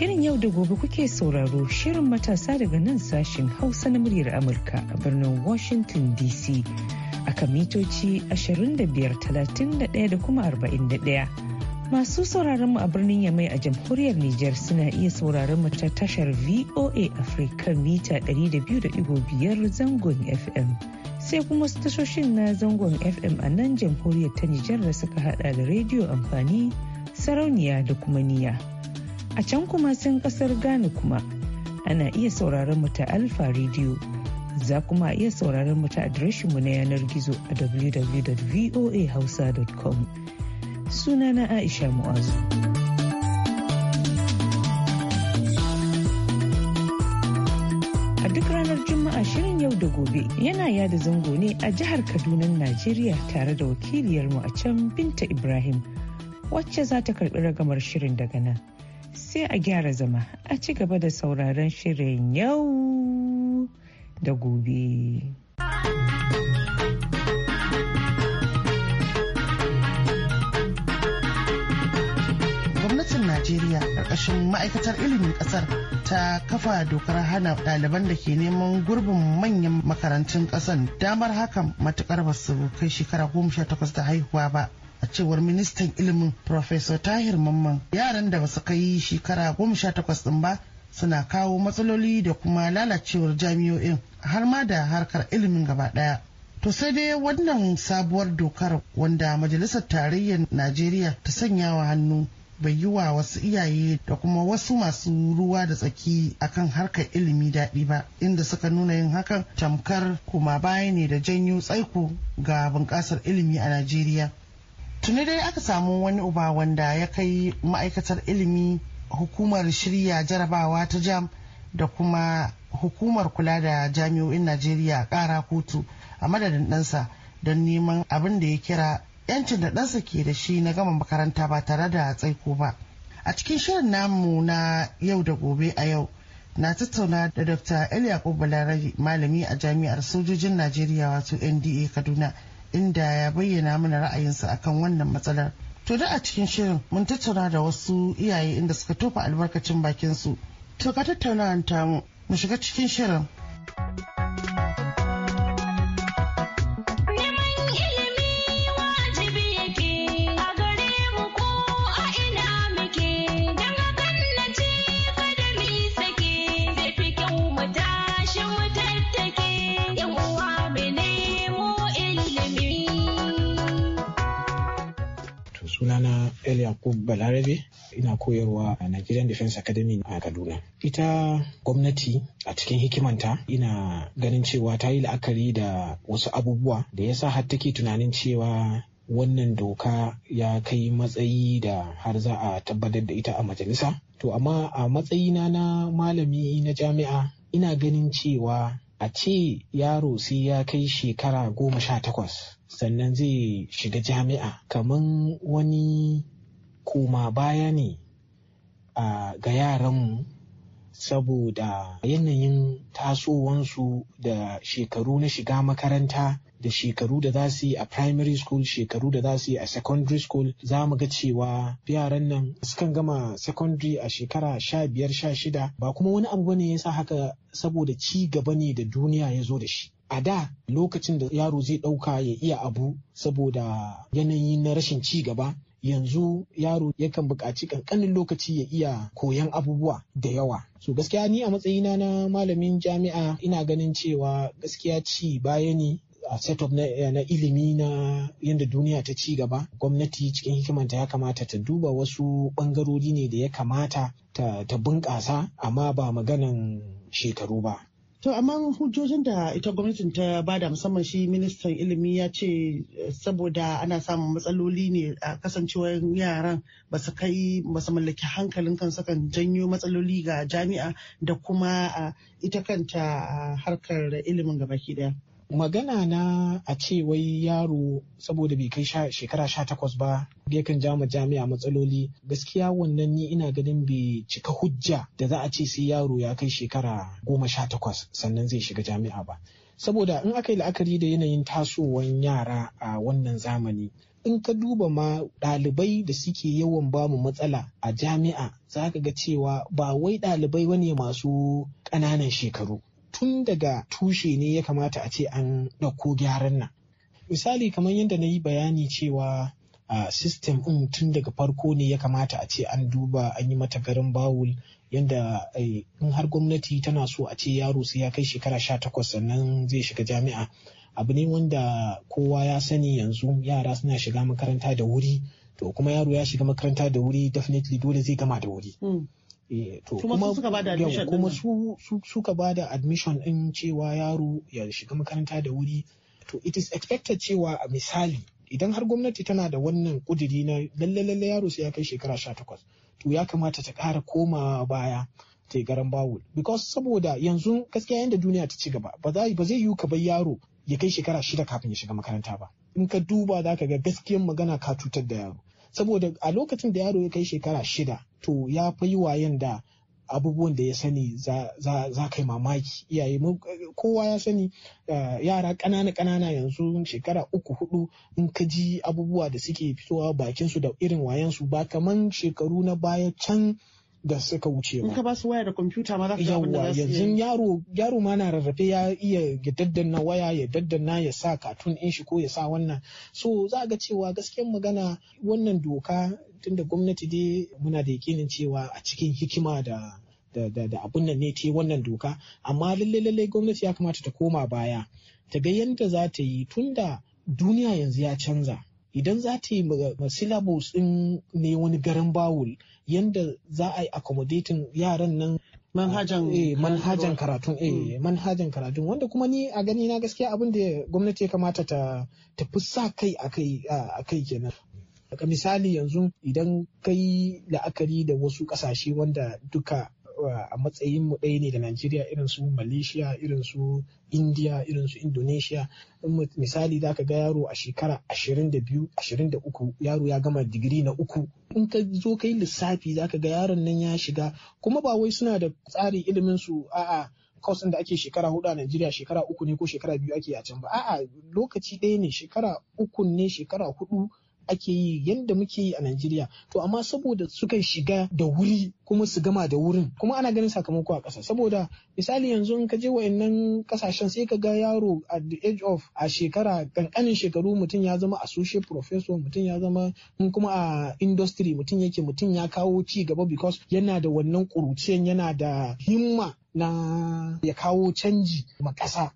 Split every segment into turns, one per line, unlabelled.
Shirin yau da gobe kuke sauraro shirin matasa daga nan sashen Hausa na muryar Amurka a birnin Washington DC a mitoci 25,31 da kuma 41. Masu sauraron mu a birnin Yamai a jamhuriyar Nijar suna iya sauraron mu ta tashar VOA Africa mita 200.5 zangon FM. Sai kuma su tashoshin na zangon FM a nan jamhuriyar ta Nijar da suka hada da rediyo amfani, sarauniya da kuma niya. A can kuma sun kasar Ghana kuma ana iya sauraron mu ta Alfa Radio. Za kuma iya sauraron mu ta adireshinmu na yanar gizo a www.voahausa.com. na Aisha Mu'azu. duk ranar Juma'a shirin yau da gobe yana yada zango ne a jihar Kaduna, Najeriya tare da wakiliyarmu a can Binta Ibrahim, wacce za ta karbi ragamar shirin daga nan. sai a gyara zama a ci gaba da sauraron shirin yau da gobe.
Gwamnatin Najeriya ƙarƙashin ma'aikatar ilimin ƙasar ta kafa dokar hana ɗaliban da ke neman gurbin manyan makarantun ƙasan damar hakan matuƙar basu kai shekara goma sha takwas da haihuwa ba. a cewar ministan ilimin Professor Tahir Mamman yaran da basu kai shekara goma sha takwas ɗin ba suna kawo matsaloli da kuma lalacewar jami'o'in har ma da harkar ilimin gaba ɗaya. To sai dai wannan sabuwar dokar wanda Majalisar Tarayyar Najeriya ta sanya wa hannu bai yi wa wasu iyaye da kuma wasu masu ruwa da tsaki akan harkar ilimi daɗi ba inda suka nuna yin hakan tamkar kuma baya ne da janyo tsaiko ga bunƙasar ilimi a Najeriya. tuni dai aka samu wani uba wanda ya kai ma'aikatar ilimi hukumar shirya jarabawa ta jam da kuma hukumar kula da jami'o'in najeriya kara kotu a madadin ɗansa don neman abin da ya kira yancin da ɗansa ke da shi na gama makaranta ba tare da tsaiko ba a cikin shirin namu na yau da gobe a yau na tattauna da dr eliya balarabe malami a jami'ar sojojin najeriya wato nda kaduna inda ya bayyana mana ra'ayinsa akan wannan matsalar. To da a cikin shirin mun tattauna da wasu iyaye inda suka tofa albarkacin bakin su. To ka tattauna an tamu mu shiga cikin shirin.
Yakub Balarabe ina koyarwa a Nigerian Defense Academy a Kaduna. Ita gwamnati a cikin hikimanta ina ganin cewa ta yi la'akari da wasu abubuwa da ya sa har take tunanin cewa wannan doka ya kai matsayi da har za a tabbatar da ita a majalisa. To amma a matsayina na malami na jami'a ina ganin cewa a ce yaro sai ya kai shekara goma sha takwas sannan zai shiga jami'a kaman wani koma baya ne ga yaranmu saboda yanayin tasowansu da shekaru na shiga makaranta da shekaru da za su yi a primary school shekaru da za su yi a secondary school za mu ga cewa yaran nan sukan gama secondary a shekara sha biyar sha shida ba kuma wani abu ne ya sa haka saboda ci gaba ne da duniya ya zo da shi a da lokacin da yaro zai ɗauka ya iya abu saboda yanayi na rashin ci gaba yanzu yaro yakan buƙaci ƙanƙanin lokaci ya iya koyan abubuwa da yawa so gaskiya ni a matsayina na malamin jami'a ina ganin cewa gaskiya ci baya ne a setup na, eh, na ilimi na yadda duniya ta ci gaba gwamnati cikin hikimanta ya kamata ta duba wasu bangarori ne da ya kamata ta, ta bunƙasa amma ba maganan shekaru ba
To amma hujjojin da ita gwamnatin ta bada musamman shi ministan ilimi ya ce eh, saboda ana samun matsaloli ne a kasancewar yaran ba su kai ba mallaki hankalin kansu kan janyo matsaloli ga
jami'a da kuma ah, ita kanta ah, harkar ilimin gabaki daya. magana na a ce wai yaro saboda bai kai shekara sha takwas ba yakan kan jami'a matsaloli gaskiya wannan ni ina ganin bai cika hujja da za a ce sai yaro ya kai shekara goma sha takwas sannan zai shiga jami'a ba saboda in aka yi la'akari da yanayin tasowar yara a wannan zamani in ka duba ma ɗalibai da suke yawan bamu matsala a jami'a za ka ga cewa ba wai ɗalibai wani masu ƙananan shekaru tun daga tushe ne ya kamata a ce an ɗauko gyaran nan misali kamar yadda na yi bayani cewa a system ɗin tun daga farko ne ya kamata a ce an duba an yi mata garin bawul yadda in har gwamnati tana so a ce yaro sai ya kai shekara sha takwas sannan zai shiga jami'a abu ne wanda kowa ya sani yanzu yara suna shiga makaranta da wuri to kuma yaro ya shiga makaranta da wuri definitely dole zai gama da wuri. Hmm. Eh, kuma suka ba admission su suka bada admission in cewa yaro ya shiga makaranta da wuri to it is expected cewa a misali idan har gwamnati tana da wannan kudiri na lalle lalle yaro sai ya kai shekara 18 to ya kamata ta kara koma baya ta yi garan bawul because saboda yanzu gaskiya yadda duniya ta ci gaba ba zai yiwu ka bai yaro ya kai shekara shida kafin ya shiga makaranta ba in ka duba za ka ga gaskiyan magana ka cutar da yaro saboda a lokacin da yaro ya kai shekara shida to ya fi yi wayan da abubuwan da ya sani za kai mamaki iyaye kowa ya sani eh, yara ƙanana ƙanana yanzu shekara uku hudu in ka ji abubuwa da suke fitowa bakinsu da irin wayansu ba kaman shekaru na baya can da suka wuce ba. In ba su waya da kwamfuta ma za su abin da za su yanzu yaro yaro ma na rarrafe ya iya ya daddana waya ya daddana ya sa katun in shi ko ya sa wannan. So za ga cewa gaskiyar magana wannan doka tunda gwamnati dai muna da yakinin cewa a cikin hikima da da, da, da abun nan ne ce wannan doka amma lalle lalle gwamnati ya kamata ta koma baya ta ga yadda za ta yi tun da duniya yanzu ya canza idan za ta yi ma syllabus din ne wani garin bawul yanda za a yi accommodating yaran nan manhajan eh manhajan karatun eh hmm. manhajan karatun wanda kuma ni a gani na gaskiya abin da gwamnati ya kamata ta ta fi sa kai akai akai kenan misali yanzu idan kai la'akari da wasu kasashe wanda duka a matsayin mu ɗaya ne da Najeriya irin su Malaysia irin su India irin su Indonesia misali za ka ga yaro a shekara 22 23 yaro ya gama digiri na uku in ka zo kai lissafi za ka ga yaron nan ya shiga kuma ba wai suna da tsari ilimin su a'a kwas da ake shekara hudu a Najeriya shekara uku ne ko shekara biyu ake a can ba a'a lokaci ɗaya ne shekara uku ne shekara hudu ake yi yadda muke yi a Najeriya to amma saboda suka shiga da wuri kuma su gama da wurin kuma ana ganin sakamako a ƙasa saboda misali yanzu in ka je wa'annan ƙasashen sai ka ga yaro at the age of a shekara ƙanƙanin shekaru mutum ya zama associate professor mutum ya zama in kuma a industry mutum yake mutum ya kawo ci gaba because yana da wannan ƙuruciyan yana da himma na ya kawo canji ma ƙasa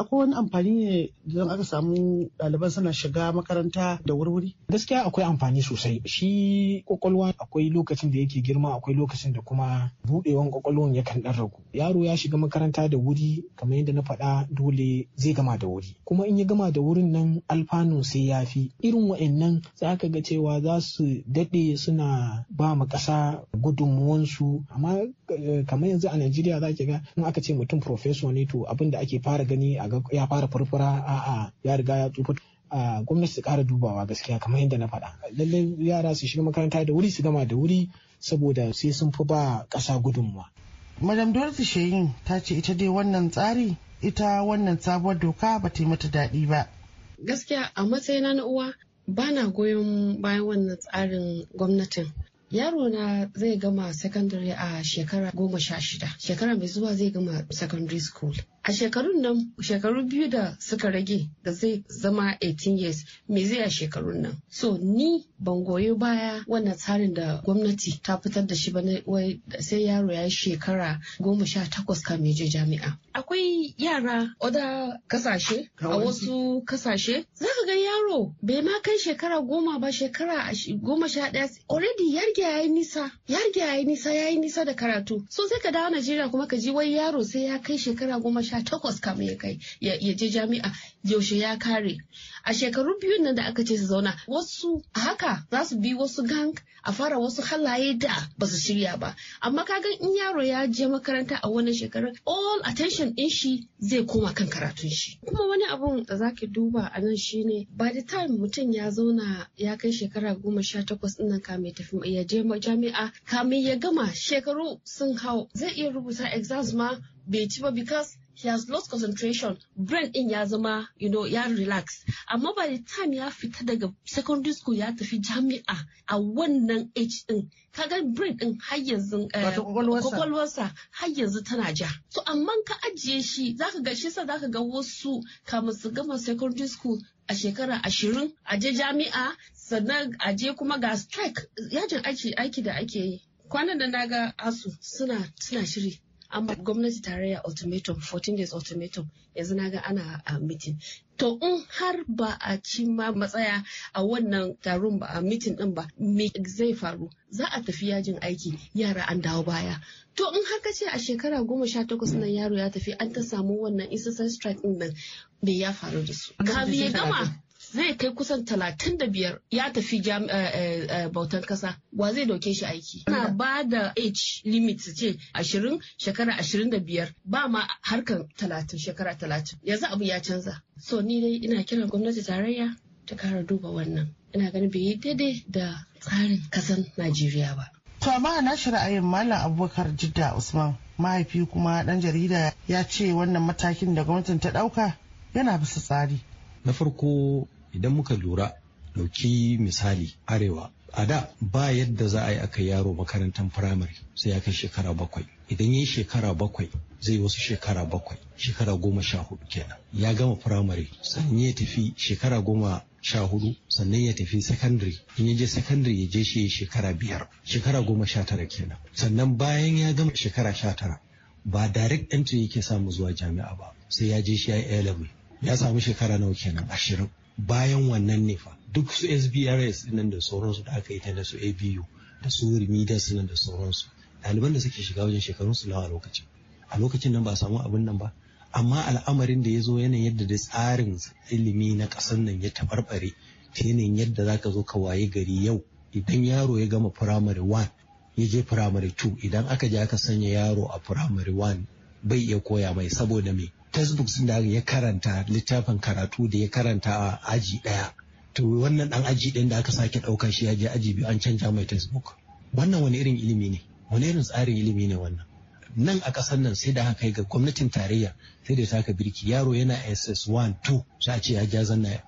akwai wani amfani
ne idan aka samu ɗaliban suna shiga makaranta da wurwuri?
Gaskiya akwai amfani sosai. Shi kwakwalwa akwai lokacin da yake girma akwai lokacin da kuma buɗewan kwakwalwan yakan ɗan ragu. Yaro ya shiga makaranta da wuri kamar yadda na faɗa dole zai gama da wuri. Kuma in ya gama da wurin nan alfanu sai ya fi. Irin wa'annan za ka ga cewa za su daɗe suna ba ma ƙasa gudunmuwansu amma eh, kamar yanzu a Najeriya za ki ga in aka ce mutum professor ne to abin da ake fara gani a ga ya fara furfura a'a ya riga ya tsufa a gwamnati su kara dubawa gaskiya kamar yadda na faɗa lallai yara su shiga makaranta da wuri su gama da wuri saboda sai sun fi ba ƙasa gudunmuwa.
madam dorothy sheyin ta ce ita dai wannan tsari ita wannan sabuwar doka ba ta yi mata daɗi ba. gaskiya a matsayina na uwa ba na goyon bayan wannan
tsarin gwamnatin yaro na zai gama secondary a shekara goma sha shida shekara mai zuwa zai gama secondary school a shekarun nan shekaru biyu da suka rage da zai zama 18 years me zai a shekarun nan so ni ban goyi baya wannan tsarin da gwamnati ta fitar da shi ba wai sai yaro ya yi shekara goma sha takwas ka je jami'a akwai yara oda kasashe a wasu kasashe za ka ga yaro bai ma kai shekara goma ba shekara goma sha ɗaya already ya yayi nisa ya yi yayi nisa yi nisa da karatu so sai ka dawo Najeriya kuma ka ji wai yaro sai ya kai shekara goma sha takwas kamar ya kai ya je jami'a yaushe ya kare a shekaru biyu nan da aka ce su zauna wasu haka za su bi wasu gang a fara wasu halaye da ba su shirya ba amma ka kagan in yaro ya je makaranta a wani shekarar all attention din shi zai koma kan karatun shi kuma wani abun da za ki duba a nan shi ne by the time mutum ya zauna ya kai shekara goma sha takwas din nan kamin tafi ya je jami'a kamin ya gama shekaru sun hau zai iya rubuta exams ma bai ci ba because he has lost concentration brain in ya zama you know ya relax amma by the time ya fita daga secondary school ya tafi jami'a a wannan age din kaga brain din har yanzu eh, kwakwalwarsa har yanzu tana ja so amma ka ajiye shi zaka ga shi sa zaka ga wasu ka su gama secondary school a shekara ashirin a je jami'a sannan a kuma ga strike yajin aiki aiki da ake yi kwanan da na ga asu suna suna shiri an ba gwamnati tarayya ultimatum 14 days ultimatum yanzu na ga ana a uh, mitin to in har ba a ci ma matsaya a wannan taron ba a mitin din ba me zai faru za a tafi yajin aiki yara an dawo baya to in harka ce a shekara goma sha takwas nan yaro ya tafi an ta samu wannan isassan strike din nan me ya faru da su kafin ya gama zai kai kusan talatin da biyar ya tafi eh, eh, eh, bautan kasa wa zai doke shi aiki. Ana ba da age limit ce ashirin shekara ashirin da biyar ba ma harkan talatin shekara talatin yanzu abu ya canza. So ni dai ina kiran gwamnati tarayya ta kara duba wannan. Ina ganin bai yi daidai da
tsarin kasan Najeriya ba. To amma na ra'ayin Malam Abubakar Jidda Usman mahaifi kuma ɗan jarida ya ce wannan matakin da gwamnatin ta ɗauka yana bisa
tsari. Na farko idan muka lura dauki misali arewa a da ba yadda za a yi aka yaro makarantar firamare sai ya kai shekara bakwai idan ya yi shekara bakwai zai wasu shekara bakwai shekara goma sha hudu kenan ya gama firamare sannan ya tafi shekara goma sha hudu sannan ya tafi sakandare in ya je sakandare ya je shi shekara biyar shekara goma sha tara kenan sannan bayan ya gama shekara sha tara ba direct entry yake samu zuwa jami'a ba sai ya je shi ya yi ya samu shekara nawa kenan ashirin bayan wannan ne fa duk su sbrs nan da sauransu da aka yi ta da su abu da su remedials nan da sauransu ɗaliban da suke shiga wajen shekarun su nawa lokacin a lokacin nan ba samu abin nan ba amma al'amarin da ya zo yanayin yadda da tsarin ilimi na ƙasar nan ya tabarbare ta yanayin yadda ka zo ka waye gari yau idan yaro ya gama firamare 1 ya je firamare 2 idan aka je aka sanya yaro a firamare 1 bai iya koya mai saboda me sun da ya karanta littafin karatu da ya karanta a aji daya to wannan dan aji ɗin da aka sake ɗauka shi ya je aji biyu an canja mai textbook wannan wani irin ilimi ne wani irin tsarin ilimi ne wannan nan a ƙasar nan sai da haka ga gwamnatin tarayya sai da ta ka birki yaro yana ss 1 2 sai a ce ya ja zanna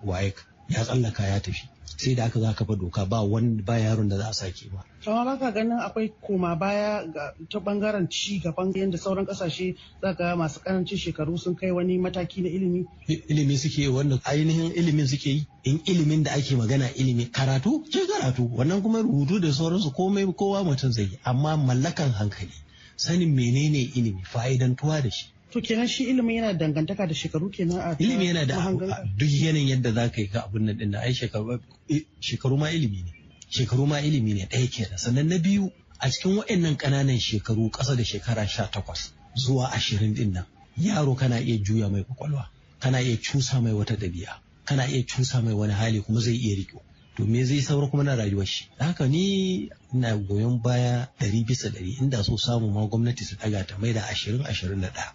ya tsallaka ya tafi sai da aka za kafa doka ba wani ba yaron da za a sake ba.
ba ka ganin akwai koma baya ta bangaren ci gaban yadda sauran kasashe za ka masu karancin shekaru sun kai wani mataki na ilimi.
Ilimi suke wanda ainihin ilimin suke yi in ilimin da ake magana ilimi karatu ke karatu wannan kuma rubutu da sauransu komai kowa mutum zai yi amma mallakan hankali sanin menene ilimi fa'idantuwa da shi To kenan shi ilimin yana dangantaka da shekaru kenan a ilimi yana da duk yanayin yadda za ka yi ka abun nan din ai eh, shekaru ma ilimi ne shekaru ma ilimi ne ɗaya kenan sannan na biyu a cikin waɗannan kananan shekaru ƙasa da shekara sha takwas zuwa ashirin din nan yaro kana iya juya mai kwakwalwa kana iya cusa mai wata ɗabi'a kana iya cusa mai wani hali kuma zai iya riko? to me zai saura kuma na rayuwar shi haka ni ina goyon baya ɗari bisa ɗari inda so samu ma gwamnati su ɗaga ta mai da ashirin ashirin ɗaya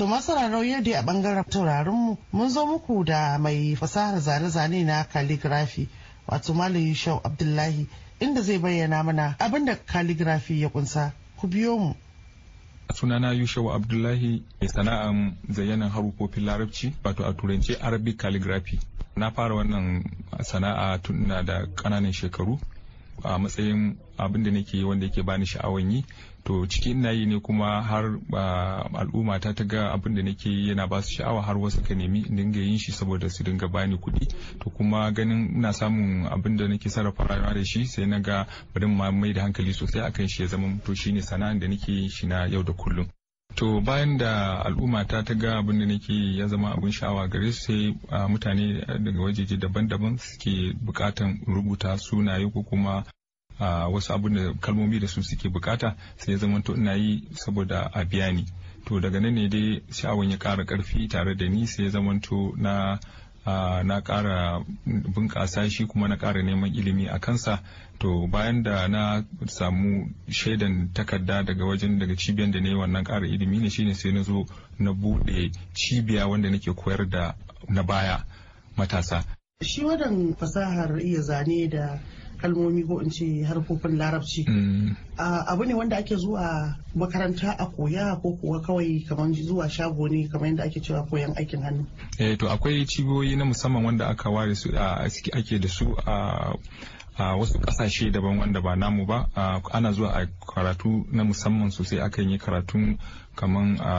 To masu ya da a bangaren mu mun zo muku da mai fasahar zane-zane na calligraphy wato Malam Shau Abdullahi inda zai bayyana mana abin da calligraphy ya kunsa ku biyo mu.
sunana Yushewa Abdullahi mai sana'an zayyanan harukofin larabci wato a turance Arabic calligraphy na fara wannan sana'a tun da ƙananan shekaru a matsayin abin da nake wanda yake bani sha'awan yi to ciki ina yi ne kuma har al'umma ta ta ga abin da nake yi yana ba su sha'awa har wasu ka nemi dinga yin shi saboda su dinga bani kuɗi to kuma ganin ina samun abin da nake sarrafa rayuwa da shi sai na ga bari ma mai da hankali sosai akan shi ya zama to shine sana'an da nake yin shi na yau da kullum To bayan da al'umma ta ta ga abin da nake ya zama abin sha'awa gare su sai mutane daga wajeje daban-daban suke bukatan rubuta sunaye ko kuma wasu abin da kalmomi da su suke bukata sai ya zama to ina yi saboda a biya ni. To daga nan ne dai sha'awan ya ƙara ƙarfi tare da ni sai ya zama to na na ƙara bunƙasa shi kuma na ƙara neman ilimi a kansa to bayan da na samu shaidan takarda daga wajen daga cibiyar da na yi wannan ƙara ilimi ne shine sai na zo na buɗe cibiya wanda nake koyar da na baya matasa
shi wadan fasahar iya zane da kalmomi ko in ce harkokin larabci mm. abu ne wanda ake zuwa makaranta a koya ko kuwa kawai kamar zuwa shago ne kamar yadda ake cewa koyan aikin hannu
eh to akwai cibiyoyi na musamman wanda aka ware su ake da su a a wasu kasashe daban wanda ba namu ba ana zuwa a karatu na musamman sosai akan yi karatun kaman a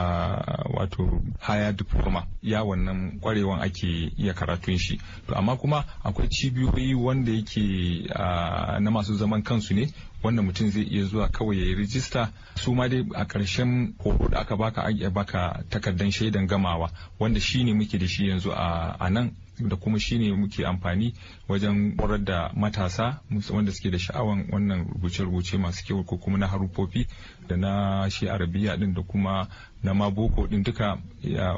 wato haya diploma ya wannan kwarewan ake iya karatun shi to amma kuma akwai cibiyoyi wanda yake na masu zaman kansu ne wanda mutum zai iya zuwa kawai ya yi rijista su ma dai a ƙarshen horo da aka baka an iya baka takardan shaidan gamawa wanda shi ne muke da shi yanzu a nan da kuma shi ne muke amfani wajen horar da matasa wanda suke da sha'awan wannan rubuce-rubuce masu kyau ko kuma na harufofi da na shi arabiya din da kuma na ma boko din duka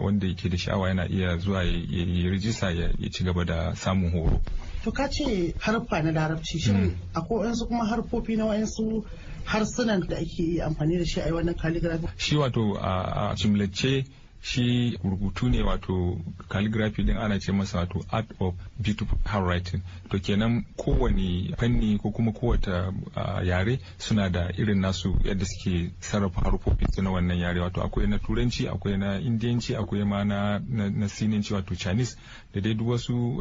wanda yake da sha'awa yana iya zuwa ya yi rijista ya ci gaba da samun horo to
ka ce harfa na larabci shi hmm. akwai wasu kuma harfofi na wayansu harsunan da ake amfani da shi a wannan calligraphy
shi wato a cimlace shi rubutu ne wato calligraphy din ana ce masa wato art of beautiful handwriting to kenan kowane fanni ko kuma kowata yare suna da irin nasu yadda suke sarrafa harufofi su na wannan yare wato akwai na turanci akwai na indiyanci akwai ma na na sinanci wato chinese da dai duk wasu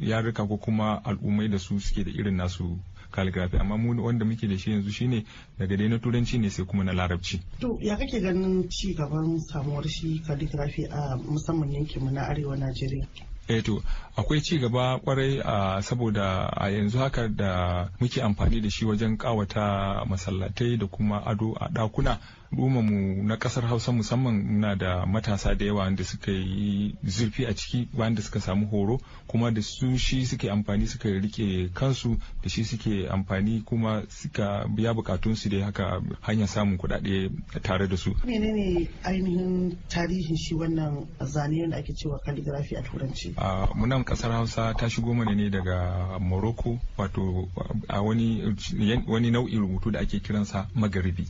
yaruka ko kuma al'ummai da su suke da irin nasu calligraphy amma mu wanda muke da shi yanzu shine daga dai na turanci ne sai kuma na larabci
to ya kake ganin ci gaban samuwar shi calligraphy a musamman yankin mu na arewa Najeriya
eto eh akwai ci gaba kwarai a saboda a yanzu haka da muke amfani da shi wajen kawata masallatai da kuma ado a dakuna mu na kasar hausa musamman muna da matasa da yawa wanda suka yi zurfi a ciki wanda suka samu horo kuma da su shi suke amfani suka rike kansu da shi suke amfani kuma suka biya bukatun su da haka hanyar samun kudade tare da su
menene ainihin tarihin shi wannan zane da ake cewa calligraphy a turanci
munan kasar hausa ta shigo mana ne daga morocco wato a wani nau'in rubutu da ake kiransa magaribi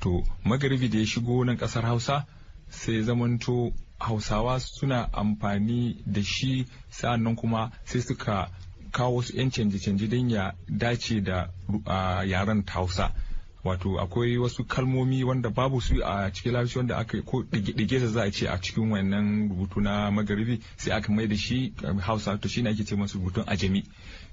to magaribi da ya shigo nan kasar hausa sai zamanto hausawa suna amfani da shi sa'annan kuma sai suka kawo su 'yan canje-canje don ya dace da yaren hausa wato akwai wasu kalmomi wanda babu su a cikin larabci wanda aka ko dige za a ce a cikin wannan rubutu na magaribi sai aka mai da shi hausa to shine ake ce masu rubutun ajami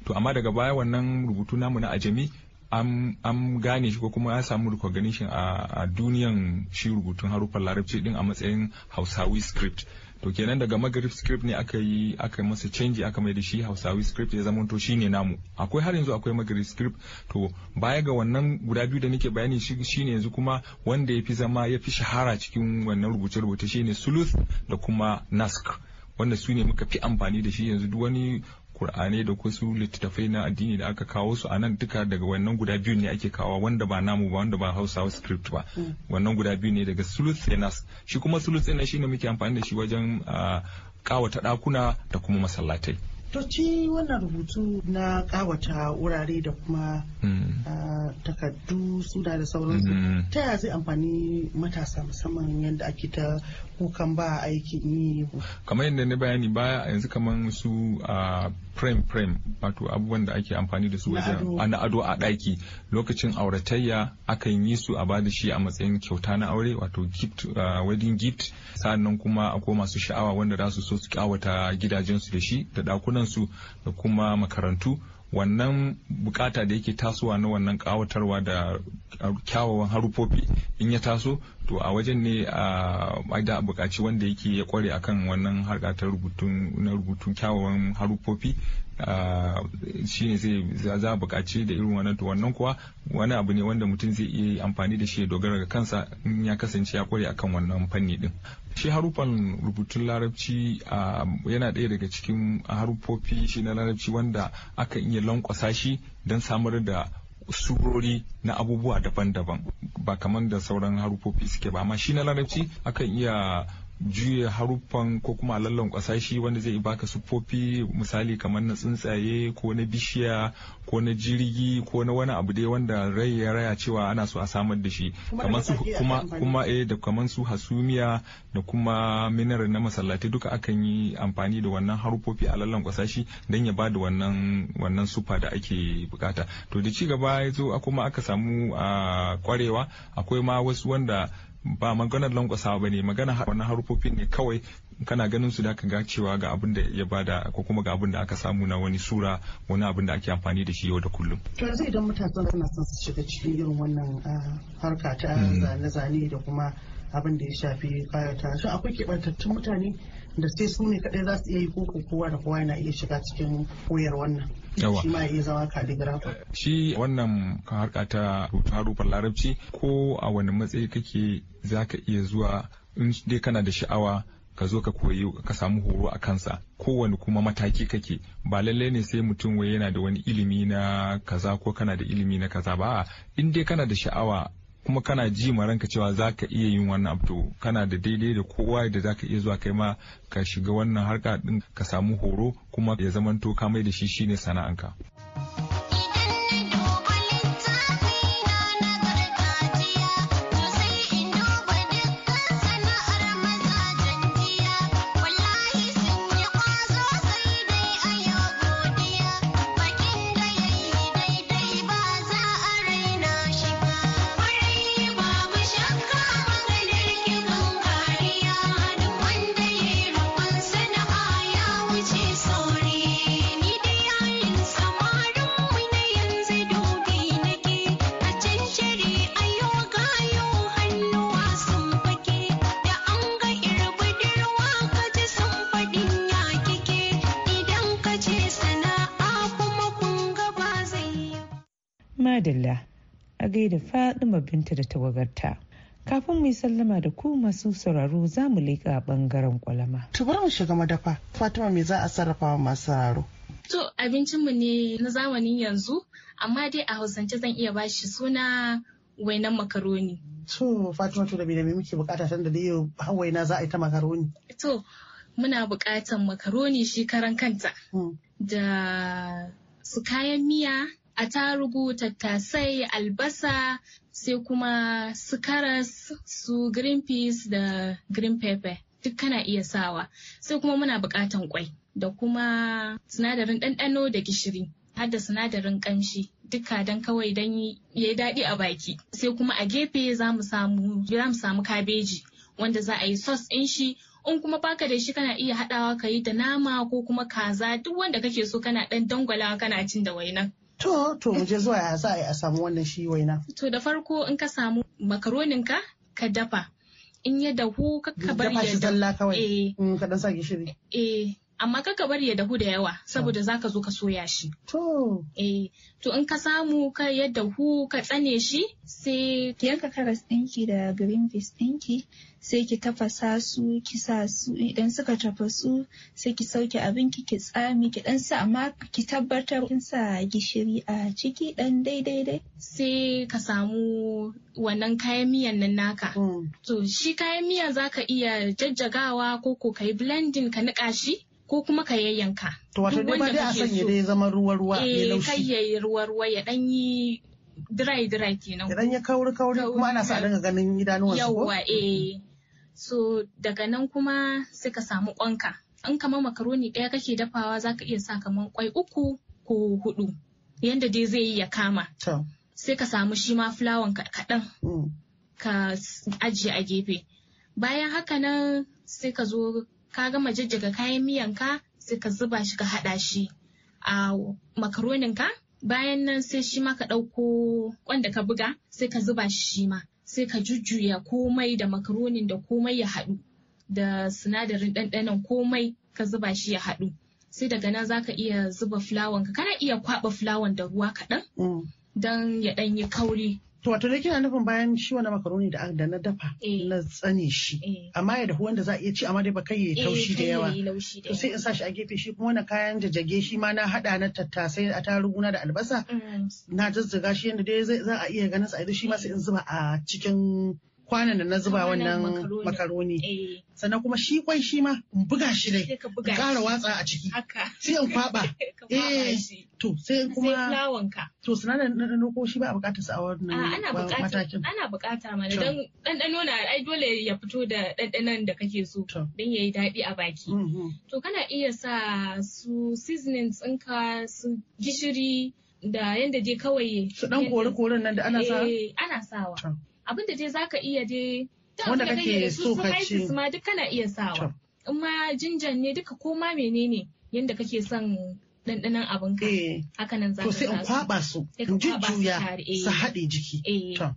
to amma daga baya wannan rubutu namu na ajami an gane shi ko kuma ya samu recognition a duniyan shi rubutun haruffan larabci din a matsayin hausawi script to kenan daga magrib script ne aka yi aka masa canji aka mai da shi hausawi script ya zama to shine namu akwai har yanzu akwai magrib script to baya ga wannan guda biyu da nake bayani shine yanzu kuma wanda ya fi zama ya fi shahara cikin wannan rubuce-rubuce shi ne suluth da kuma nask wanda su ne muka fi amfani da shi yanzu duk wani Kur'ani da kusu littattafai na addini da aka kawo su a nan duka daga wannan guda biyu ne ake kawo wanda ba namu ba wanda ba hausawa script ba mm. wannan guda biyu ne daga sulusenas shi kuma shi shine muke amfani da shi wajen kawata ɗakuna da kuma masallatai
To ci wannan rubutu na kawata wurare da kuma mm. takardu suna da sauransu mm. ta yaya zai amfani matasa musamman yadda ake ta kukan ba aikin yi
kamar yadda na bayani baya yanzu kamar su frame frame wato abubuwan da ake amfani da su wajen na ado a ɗaki lokacin auratayya akan yi su a bada shi a matsayin kyauta na aure wato gift uh, wedding gift sannan kuma akwai masu sha'awa wanda za su so su kyawata gidajensu da shi da ɗakunansu da kuma makarantu wannan bukata da yake tasowa na wannan kawatarwa da kyawawan harufofi in ya taso to a wajen ne a da bukaci wanda yake ya kware akan wannan harka ta rubutun rubutun kyawawan harufofi Ah, shi ne zai za buƙaci da irin wannan to wannan kuwa wani abu ne wanda mutum zai iya amfani da shi ya dogara ga kansa in ya kasance ya kware akan wannan fanni din shi harufan rubutun larabci ah, yana ɗaya daga cikin harufofi shi na larabci wanda aka iya lankwasa shi don samar da surori na abubuwa daban-daban ba kamar da sauran harufofi suke ba amma shi na larabci akan iya juya haruffan ko kuma lallan kwasashi wanda zai baka siffofi misali kamar na tsuntsaye ko na bishiya ko na jirgi ko na wani abu dai wanda rai ya raya cewa ana so a samar da shi kamar kuma kuma da kamar eh, su hasumiya da kuma minar na masallatai duka akan yi amfani da wannan haruffofi a lallan kwasashi don ya bada wannan wannan sufa da ake bukata to da ci gaba ya zo kuma aka samu a kwarewa akwai ma wasu wanda ba maganar lankwasa ba ne magana wani harufofin ne kawai kana ganin su da ka ga cewa ga abin da ya bada ko kuma ga abin da aka samu na wani sura wani abin da ake amfani da shi yau da kullum.
To yanzu idan mutane suna son su shiga cikin irin wannan ah, harka ta hmm. zane-zane da kuma abin da ya shafi kayata shi akwai keɓantattun mutane da sai su ne kaɗai za su iya yi ko kowa da kowa yana iya shiga cikin koyar wannan. yawa shi ma iya zama
wannan harka ta harufar larabci ko a wani matsayi kake zaka iya zuwa in dai kana da sha'awa ka zo ka koyi ka samu horo a kansa ko kowane kuma mataki kake ba lallai ne sai mutum wai yana da wani ilimi na kaza ko kana da ilimi na kaza ba in dai kana da sha'awa kuma kana ji ma cewa za ka iya yin wannan abu kana da daidai da kowa da za ka iya zuwa kai ma ka shiga wannan harka din ka samu horo kuma ya zamanto ka mai da shi shine sana'anka.
Madalla a gaida Fadima binta da tawagarta. Kafin mu yi sallama da ku masu sauraro za mu leƙa ɓangaren kwalama. Tubar mu shiga madafa, Fatima me za a sarrafa masu sauraro?
To abincinmu ne na zamanin yanzu, amma dai a Hausance zan iya bashi suna
wainan makaroni. To Fatima to da me muke bukata tun da yau waina za a yi ta makaroni.
To muna bukatan
makaroni shi karan kanta. Hmm. Da
su kayan miya tarugu tattasai albasa sai kuma su karas su green peas da green pepper duk kana iya sawa sai kuma muna buƙatan kwai da kuma sinadarin ɗanɗano da gishiri har da sinadarin kamshi duka don kawai don ya yi daɗi a baki sai kuma a gefe za mu samu kabeji wanda za a yi sos in shi in kuma baka da shi kana iya haɗawa ka yi da nama ko kuma kaza duk wanda kake so kana ɗan dangwalawa kana cin da wainan
To, to mu je zuwa za a yi a samu wannan shi waina.
To da farko in ka samu makaronin ka ka dafa. In ya dahu ka bar ya
Dafa kawai. Eh. Mm, ka dan sa gishiri.
Eh. Amma ka ka bar ya dahu da
yawa saboda
zaka zo ka soya shi. To. Eh. To in ka samu ka ya dahu ka tsane shi sai. Ki yanka karas ɗinki da green peas ɗinki. sai ki tafasa su ki sa
su idan suka tafasu sai ki sauke abin ki ki tsami ki dan sa amma ki tabbatar kin sa gishiri a ciki dan daidai dai
sai ka samu wannan kayan miyan nan naka mm. to shi kayan miya zaka iya jajjagawa ko ko kai blending ka nika shi ko kuma ka yayyanka to wato dai ba dai a sanya dai
zama ruwa ruwa ne eh, laushi eh kai
yayi ruwa ruwa ya dan yi dry dry kenan. Idan
ya kauri kauri kuma ana sa dinga ganin idanuwansu ko? Yawwa eh
so daga nan kuma sai ka samu kwanka in kamar makaroni ɗaya kake dafawa za ka iya sa kamar kwai uku ko hudu yadda dai zai yi ya kama sai ka samu shi ma fulawan kaɗan mm. ka ajiye a gefe bayan haka nan sai ka zo ka gama jajjaga kayan miyanka sai ka zuba shi ka haɗa shi a makaroninka bayan nan sai shi ma ka ɗauko wanda ka buga sai ka zuba shi ma sai ka jujjuya komai da makaronin da komai ya haɗu da sinadarin ɗanɗanon komai ka zuba shi ya haɗu sai daga nan ka iya zuba fulawanka
kana iya kwaɓa fulawan da ruwa kaɗan mm. don ya ɗan yi kauri. To wato dai kina nufin bayan shi wani makaroni da da na dafa eh. na tsane shi eh. amma ya dahu wanda za a iya ci amma dai ba kai ya eh, taushi da yawa to sai in sa shi a gefe shi kuma wani kayan jajjage shi ma na hada na tattasai a taruguna da albasa mm. na jajjaga shi yadda dai za a iya ganin sa shi ma sai in zuba a cikin kwanan da na zuba wannan makaroni eh. sannan kuma shi kwai shi ma in buga shi dai in ƙara watsa a ciki sai in kwaba eh to sai kuma to na da ko shi ba a buƙatar sa a wannan ah, matakin ana buƙata mana don
ɗanɗano na ai dole ya fito da ɗanɗanon da kake so don yayi daɗi a baki mm-hmm. to kana iya sa su seasoning ɗinka su gishiri da yadda je kawai su dan kore koren nan da ana sa eh, ana sawa abin da dai ka iya dai wanda kake so ka ci ma duk kana iya sawa in ma jinjan ne duka ko ma menene yanda kake son ɗanɗanon abin ka eh. haka nan za ka sai in kwaba
su in jujjuya eh. su haɗe jiki eh.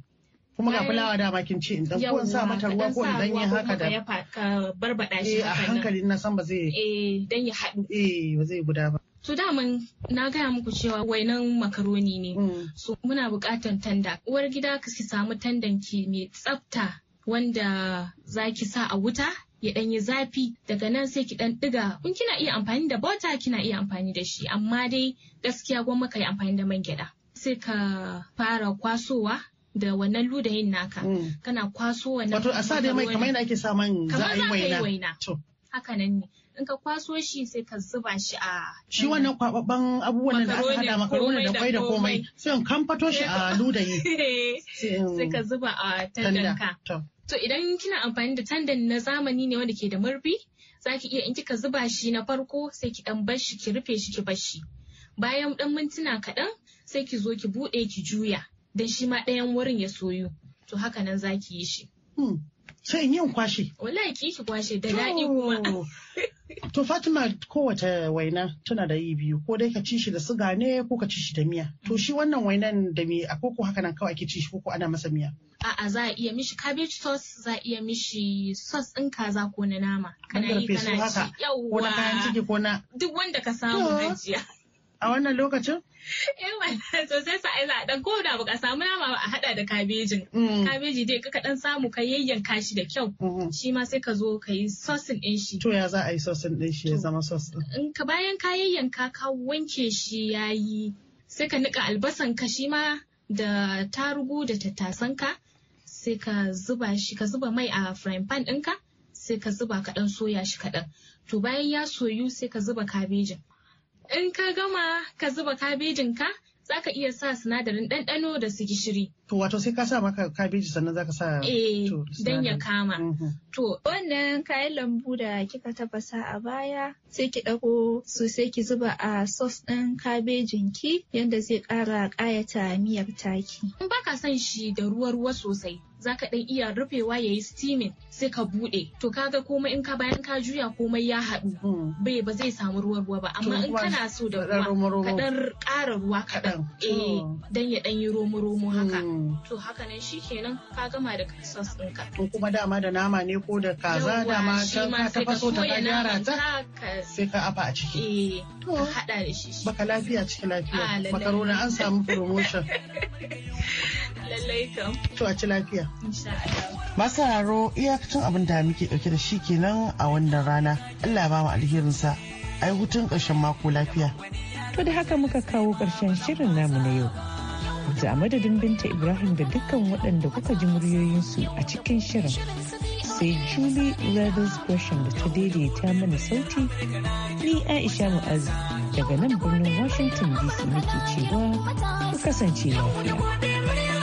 kuma ga fulawa dama
kin ce in dan ko in sa mata ruwa ko in dan haka da ka barbada shi a hankali na san ba zai eh dan ya haɗu eh ba zai guda ba To daman na
gaya muku cewa wainan makaroni ne. Mm. So muna buƙatar tanda. Uwar gida ki samu tandan ki mai tsafta wanda za ki sa a wuta ya ɗan yi zafi daga nan sai ki ɗan ɗiga. In kina iya amfani da bota kina iya amfani da shi amma dai gaskiya gwamma ka yi amfani da man gyaɗa. Sai ka fara kwasowa da wannan
ludayin naka. Mm.
Kana kwaso wannan. Wato a sa dai mai kamar yadda ake
sa man za a yi waina.
Haka nan ne. in ka kwaso shi sai ka zuba shi a
shi wannan kwababban abubuwan da aka hada makaroni da kwai da komai sai in kamfato shi a ludayi sai
ka zuba a tandanka to idan kina amfani da tandan na zamani ne wanda ke da murfi zaki iya in kika zuba shi na farko sai ki dan bar shi ki rufe shi ki bar shi bayan dan mintuna kaɗan sai ki zo ki buɗe ki juya dan shi ma ɗayan wurin ya soyu to haka nan zaki yi shi
hmm. sai in yin kwashe
wallahi ki ki kwashe da daɗi
kuma To Fatima kowace waina tana da yi biyu ko dai ka ci shi da siga ne ko ka ci shi da miya. To shi wannan wainan da me a koko haka nan kawai ake ci shi koko ana masa miya.
A'a za a iya mishi cabbage sauce za a iya mishi sauce ɗin kaza ko na nama. Kana yi kana ci yawwa. Ko na kayan ciki ko na. Duk wanda ka samu hajiya.
a wannan lokacin?
Eh, to sai sa aiza dan ko da baka samu nama a hada da kabejin. Mm. Kabeji dai ka dan samu ka yayyanka shi da kyau. Mm-hmm. Shi ma sai ka zo ka yi sosin din
shi. To ya za a yi sosin din shi ya zama sos
In ka bayan ka yayyanka ka wanke shi yayi sai ka nika albasan ka shi ma da tarugu da tattasan ka sai ka zuba shi ka zuba mai a frying pan ɗinka sai ka zuba kaɗan soya shi kaɗan. To bayan ya soyu sai ka zuba kabejin. In ka gama ka zuba kabejinka, za ka iya sa sinadarin ɗanɗano da su gishiri.
To wato sai ka sa maka kabeji sannan zaka sa Eh dan ya kama. Mhm.
To wannan kayan lambu da kika tafasa a baya sai ki dako su sai ki zuba a sauce ɗin kabejin ki yanda zai ƙara ƙayata miyar taki. In baka son shi da ruwa-ruwa sosai zaka ɗan iya rufewa yayi steaming sai ka buɗe to kaga komai in ka bayan ka juya komai ya haɗu hmm. bai ba zai samu ruwa ruwa ba amma in kana so da ruwa ka ɗan
ƙara ruwa kaɗan eh dan ya ɗan yi romo romo haka hmm. Mm.
to haka nan kenan ka gama da kasas ɗinka.
To kuma dama da nama ne ko da kaza dama ta faso ta ka gyara ta sai ka afa a ciki. Eh, to haɗa da shi. Baka lafiya cikin lafiya. Ah, Makarona an samu promotion.
lallai
kam. To a ci lafiya. Masu raro iyakacin abin da muke dauke da shi kenan a wannan rana. Allah ba mu alherinsa. Ai hutun ƙarshen mako lafiya. To da haka muka
kawo ƙarshen shirin namu na yau. yanzu a madadin binta ibrahim da dukkan waɗanda kuka ji muryoyinsu a cikin shirin sai julie leathers gresham da ta daidaita mana sauti ni aisha mu'azi daga nan birnin washington dc nake cewa ku kasance lafiya